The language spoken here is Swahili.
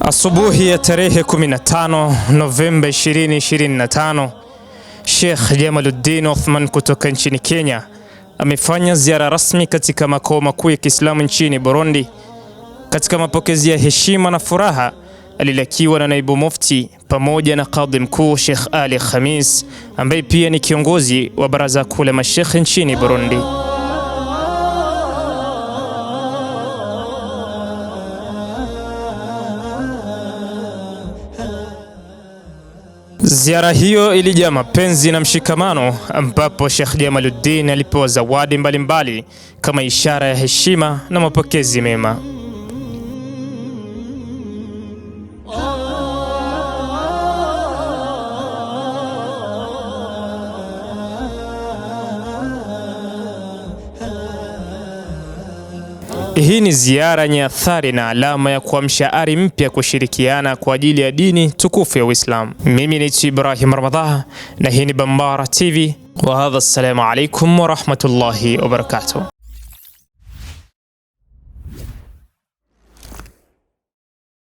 Asubuhi ya tarehe 15 Novemba 2025, Sheikh Jamaluddin Othman kutoka nchini Kenya amefanya ziara rasmi katika makao makuu ya Kiislamu nchini Burundi. Katika mapokezi ya heshima na furaha alilakiwa na naibu mufti pamoja na kadhi mkuu Sheikh Ali Khamis ambaye pia ni kiongozi wa baraza kuu la mashekhe nchini Burundi. Ziara hiyo ilijaa mapenzi na mshikamano ambapo Sheikh Jamaluddin alipewa zawadi mbalimbali mbali, kama ishara ya heshima na mapokezi mema. Hii ni ziara yenye athari na alama ya kuamsha ari mpya kushirikiana kwa ajili ya dini tukufu ya Uislamu. Mimi ni Ibrahim Ramadhan na hii ni Bambara TV wa hadha, assalamu alaikum wa rahmatullahi wa barakatuh.